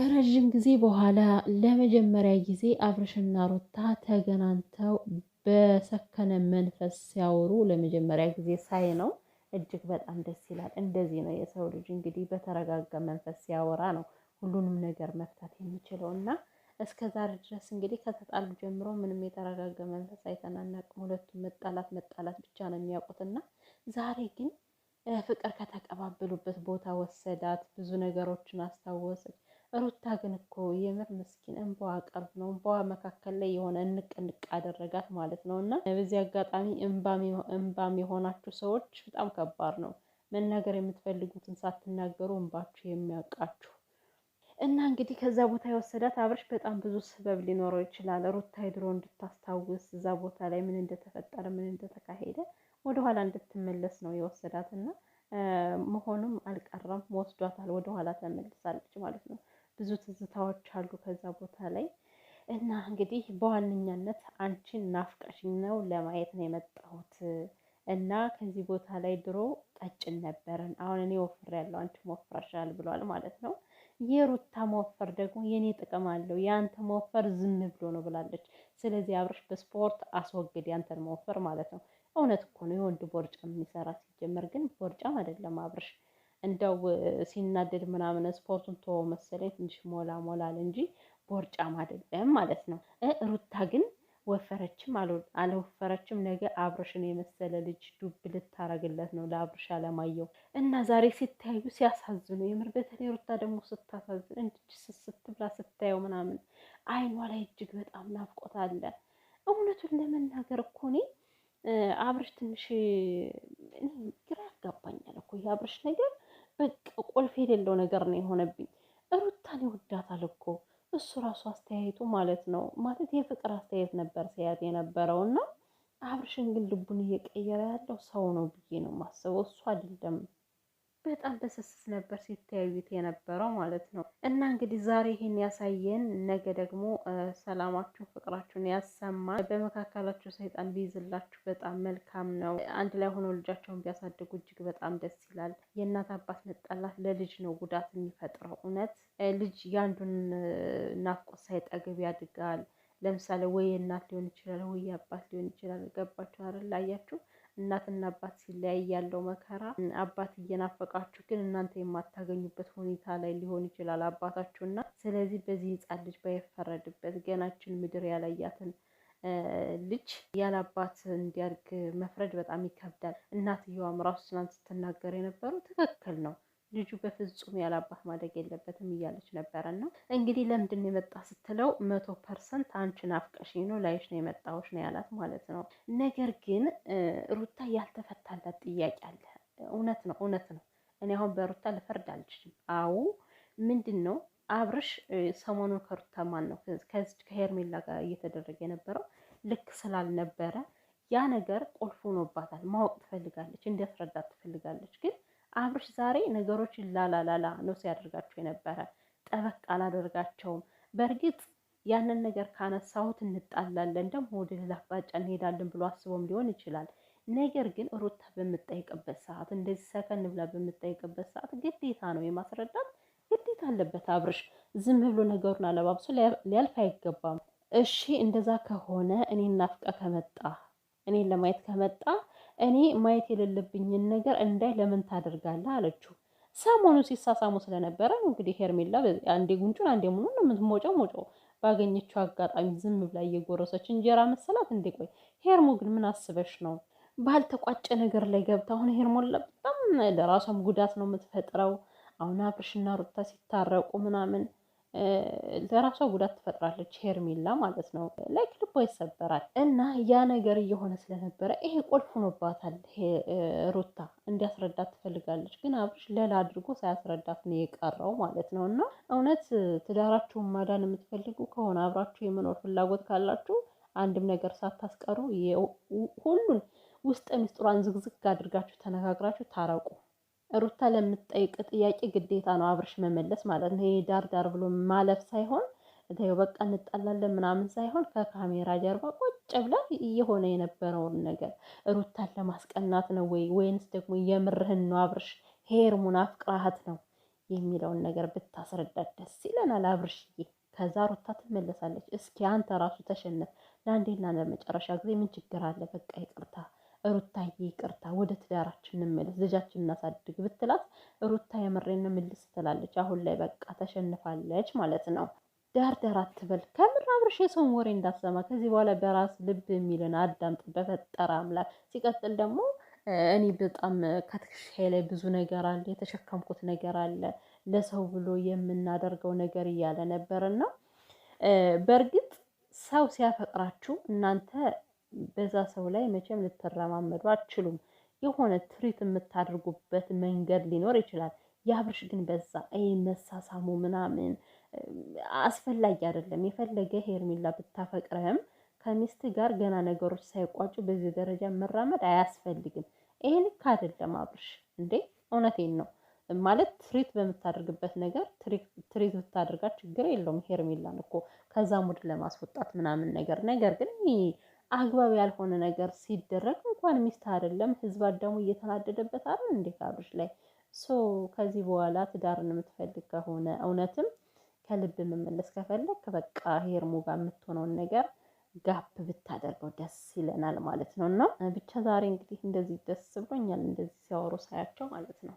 ከረዥም ጊዜ በኋላ ለመጀመሪያ ጊዜ አብርሽና ሩታ ተገናንተው በሰከነ መንፈስ ሲያወሩ ለመጀመሪያ ጊዜ ሳይ ነው። እጅግ በጣም ደስ ይላል። እንደዚህ ነው የሰው ልጅ እንግዲህ በተረጋጋ መንፈስ ሲያወራ ነው ሁሉንም ነገር መፍታት የሚችለው እና እስከ ዛሬ ድረስ እንግዲህ ከተጣሉ ጀምሮ ምንም የተረጋጋ መንፈስ አይተናናቅም። ሁለቱም መጣላት መጣላት ብቻ ነው የሚያውቁት እና ዛሬ ግን ፍቅር ከተቀባበሉበት ቦታ ወሰዳት። ብዙ ነገሮችን አስታወሰች። ሩታ ግን እኮ የምር ምስኪን እንባዋ ቀርብ ነው። እንባዋ መካከል ላይ የሆነ እንቅ እንቅ አደረጋት ማለት ነው። እና በዚህ አጋጣሚ እንባም የሆናችሁ ሰዎች በጣም ከባድ ነው። መናገር የምትፈልጉትን ሳትናገሩ እንባችሁ የሚያውቃችሁ እና እንግዲህ ከዛ ቦታ የወሰዳት አብርሽ በጣም ብዙ ስበብ ሊኖረው ይችላል። ሩታ ድሮ እንድታስታውስ እዛ ቦታ ላይ ምን እንደተፈጠረ ምን እንደተካሄደ ወደኋላ እንድትመለስ ነው የወሰዳት እና መሆኑም አልቀረም ወስዷታል። ወደኋላ ተመልሳለች ማለት ነው። ብዙ ትዝታዎች አሉ ከዛ ቦታ ላይ እና እንግዲህ በዋነኛነት አንቺን ናፍቀሽኝ ነው ለማየት ነው የመጣሁት እና ከዚህ ቦታ ላይ ድሮ ቀጭን ነበርን፣ አሁን እኔ ያለው አንቺ ሻል ብሏል ማለት ነው። የሩታ መወፈር ደግሞ የእኔ ጥቅም አለው የአንተ መወፈር ዝም ብሎ ነው ብላለች። ስለዚህ አብረሽ በስፖርት አስወግድ ያንተን መወፈር ማለት ነው። እውነት እኮ ነው። የወንድ ቦርጫ የሚሰራ ሲጀመር ግን ቦርጫም አይደለም አብረሽ እንደው ሲናደድ ምናምን ስፖርቱን ቶ መሰለኝ ትንሽ ሞላ ሞላል እንጂ ቦርጫም አይደለም ማለት ነው። ሩታ ግን ወፈረችም አልወፈረችም ነገ አብርሽን የመሰለ ልጅ ዱብ ልታረግለት ነው ለአብርሽ አለማየሁ እና ዛሬ ሲታዩ ሲያሳዝኑ፣ የምር በተለይ ሩታ ደግሞ ስታሳዝን እንድች ስትብላ ስታየው ምናምን አይኗ ላይ እጅግ በጣም ናፍቆት አለ። እውነቱን ለመናገር እኮ እኔ አብርሽ ትንሽ ግራ ያጋባኛል እኮ የአብርሽ ነገር በቃ ቁልፍ የሌለው ነገር ነው የሆነብኝ። ሩታን ይወዳታል እኮ እሱ ራሱ አስተያየቱ ማለት ነው ማለት የፍቅር አስተያየት ነበር ሲያት የነበረው እና አብርሽን ግን ልቡን እየቀየረ ያለው ሰው ነው ብዬ ነው ማስበው እሱ አይደለም። በጣም በስስት ነበር ሲተያዩት የነበረው ማለት ነው። እና እንግዲህ ዛሬ ይህን ያሳየን፣ ነገ ደግሞ ሰላማችሁን ፍቅራችሁን ያሰማን። በመካከላችሁ ሰይጣን ቢይዝላችሁ በጣም መልካም ነው። አንድ ላይ ሆኖ ልጃቸውን ቢያሳድጉ እጅግ በጣም ደስ ይላል። የእናት አባት መጣላት ለልጅ ነው ጉዳት የሚፈጥረው። እውነት ልጅ የአንዱን ናፍቆት ሳይጠግብ ያድጋል። ለምሳሌ ወይ እናት ሊሆን ይችላል፣ ወይ አባት ሊሆን ይችላል። ገባችሁ አይደል? አያችሁ እናትና አባት ሲለያይ ያለው መከራ አባት እየናፈቃችሁ ግን እናንተ የማታገኙበት ሁኔታ ላይ ሊሆን ይችላል አባታችሁና። ስለዚህ በዚህ ህፃን ልጅ ባይፈረድበት ገናችን ምድር ያላያትን ልጅ ያለ አባት እንዲያድግ መፍረድ በጣም ይከብዳል። እናትየዋም ራሱ ትናንት ስትናገር የነበረው ትክክል ነው። ልጁ በፍጹም ያለ አባት ማደግ የለበትም እያለች ነበረ። እና እንግዲህ ለምንድን ነው የመጣ ስትለው መቶ ፐርሰንት አንቺን አፍቀሽኝ ነው ላይሽ ነው የመጣሁሽ ነው ያላት ማለት ነው። ነገር ግን ሩታ ያልተፈታላት ጥያቄ አለ። እውነት ነው እውነት ነው። እኔ አሁን በሩታ ልፈርድ አልችልም። አዎ ምንድን ነው አብርሽ ሰሞኑን ከሩታ ማን ነው ከዚች ከሄርሜላ ጋር እየተደረገ የነበረው ልክ ስላልነበረ ያ ነገር ቁልፍ ሆኖባታል። ማወቅ ትፈልጋለች፣ እንዲያስረዳት ትፈልጋለች ግን አብርሽ ዛሬ ነገሮችን ላላላላ ነው ሲያደርጋቸው የነበረ። ጠበቅ አላደርጋቸውም። በእርግጥ ያንን ነገር ካነሳሁት እንጣላለን፣ ደግሞ ወደ ሌላ አቅጣጫ እንሄዳለን ብሎ አስቦም ሊሆን ይችላል። ነገር ግን ሩታ በምጠይቅበት ሰዓት፣ እንደዚህ ሰከን ብላ በምጠይቅበት ሰዓት ግዴታ ነው የማስረዳት ግዴታ አለበት። አብርሽ ዝም ብሎ ነገሩን አለባብሶ ሊያልፍ አይገባም። እሺ እንደዛ ከሆነ እኔ ናፍቃ ከመጣ እኔን ለማየት ከመጣ እኔ ማየት የሌለብኝን ነገር እንዳይ ለምን ታደርጋለህ አለችው። ሰሞኑ ሲሳሳሙ ስለነበረ እንግዲህ ሄርሜላ አንዴ ጉንጩን አንዴ ሙሉን የምትሞጨው ሞጨው ባገኘችው አጋጣሚ ዝም ብላ እየጎረሰች እንጀራ መሰላት እንዴ? ቆይ ሄርሞ ግን ምን አስበሽ ነው ባልተቋጨ ነገር ላይ ገብታ? አሁን ሄርሞን በጣም ለራሷም ጉዳት ነው የምትፈጥረው። አሁን አብርሽና ሩታ ሲታረቁ ምናምን ለራሷ ጉዳት ትፈጥራለች ሄርሜላ ማለት ነው። ላይክ ልቧ ይሰበራል እና ያ ነገር እየሆነ ስለነበረ ይሄ ቁልፍ ሆኖባታል። ሩታ እንዲያስረዳት ትፈልጋለች፣ ግን አብርሽ ለላ አድርጎ ሳያስረዳት ነው የቀረው ማለት ነው። እና እውነት ትዳራችሁን ማዳን የምትፈልጉ ከሆነ አብራችሁ የመኖር ፍላጎት ካላችሁ አንድም ነገር ሳታስቀሩ ሁሉን ውስጥ ሚስጥሯን ዝግዝግ አድርጋችሁ ተነጋግራችሁ ታረቁ። ሩታ ለምትጠይቅ ጥያቄ ግዴታ ነው አብርሽ መመለስ ማለት ነው። ይሄ ዳር ዳር ብሎ ማለፍ ሳይሆን እተው በቃ እንጣላለን ምናምን ሳይሆን ከካሜራ ጀርባ ቁጭ ብላ እየሆነ የነበረውን ነገር ሩታን ለማስቀናት ነው ወይ ወይንስ ደግሞ የምርህን ነው አብርሽ ሄርሙን አፍቅራሃት ነው የሚለውን ነገር ብታስረዳት ደስ ይለናል አብርሽዬ። ከዛ ሩታ ትመለሳለች። እስኪ አንተ ራሱ ተሸነፍ ለአንዴና ለመጨረሻ ጊዜ ምን ችግር አለ? በቃ ይቅርታ ሩታዬ ይቅርታ ወደ ትዳራችን እንመለስ፣ ልጃችን እናሳድግ ብትላት ሩታ የመሬን ምልስ ትላለች። አሁን ላይ በቃ ተሸንፋለች ማለት ነው። ዳር ዳር አትበል። ከምር አብርሽ የሰውን ወሬ እንዳትሰማ ከዚህ በኋላ በራስ ልብ የሚልን አዳምጥ በፈጠረ አምላክ። ሲቀጥል ደግሞ እኔ በጣም ከትከሻዬ ላይ ብዙ ነገር አለ፣ የተሸከምኩት ነገር አለ፣ ለሰው ብሎ የምናደርገው ነገር እያለ ነበር እና በእርግጥ ሰው ሲያፈቅራችሁ እናንተ በዛ ሰው ላይ መቼም ልትረማመዱ አትችሉም። የሆነ ትሪት የምታደርጉበት መንገድ ሊኖር ይችላል። የአብርሽ ግን በዛ ይ መሳሳሙ ምናምን አስፈላጊ አይደለም። የፈለገ ሄርሜላ ብታፈቅረህም ከሚስት ጋር ገና ነገሮች ሳይቋጩ በዚህ ደረጃ መራመድ አያስፈልግም። ይሄ ልክ አይደለም አብርሽ እንዴ! እውነቴን ነው ማለት ትሪት በምታደርግበት ነገር ትሪት ብታደርጋት ችግር የለውም። ሄርሚላን እኮ ከዛ ሙድ ለማስወጣት ምናምን ነገር ነገር ግን አግባብ ያልሆነ ነገር ሲደረግ እንኳን ሚስት አይደለም ህዝብ አዳሙ እየተናደደበት አለ እንዴ አብርሽ ላይ ሶ ከዚህ በኋላ ትዳርን የምትፈልግ ከሆነ እውነትም ከልብ የምመለስ ከፈለግ በቃ ሄርሙ ጋር የምትሆነውን ነገር ጋፕ ብታደርገው ደስ ይለናል ማለት ነው። እና ብቻ ዛሬ እንግዲህ እንደዚህ ደስ ብሎኛል፣ እንደዚህ ሲያወሩ ሳያቸው ማለት ነው።